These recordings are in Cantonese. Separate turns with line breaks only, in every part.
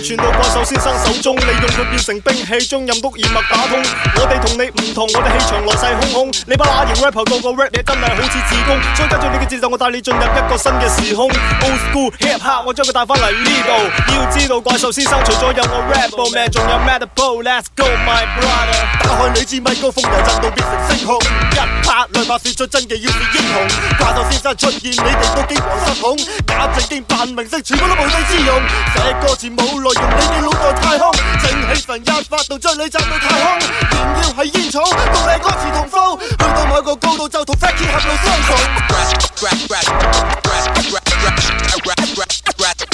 傳到怪獸先生手中，你用佢變成兵器，將任督二脈打通。我哋同你唔同，我哋氣場來勢洶洶。你把乸型 rapper 到個 rap 嘅燈裏，好似自宮。所以跟住你嘅節奏，我帶你進入一個新嘅時空。Old school hip hop，我將佢帶翻嚟呢度。你要知道怪獸先生除咗有我 rapper man，仲有 mad bull, let's go my brother，打開你支米高峰，風油陣度變成星空。一拍兩拍，說出真嘅要變英雄。怪獸先生出現，你哋都驚慌失措。假正經扮明星，全部都無地之用。這歌詞冇。用你嘅腦袋太空，整起神一發到將你攢到太空。仲要係煙草？到你歌詞同 flow 去到某個高度就同 Fatty 合路相逢。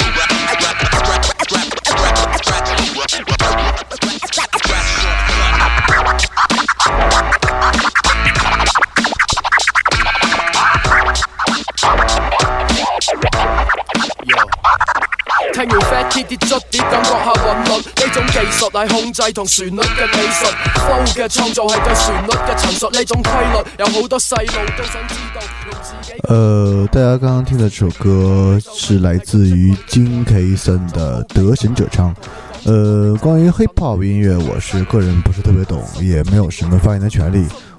聽完 Fat k 跌捽碟，感覺下韻律，呢種技術係控制同旋律嘅技術 f l 嘅創造係對旋律嘅陳述，呢種規律有好多細路都想
知道。呃，大家剛剛聽的這首歌是來自於金凱森的《德行者》唱。呃，關於 Hip Hop 音樂，我是個人不是特別懂，也沒有什麼發言的權利。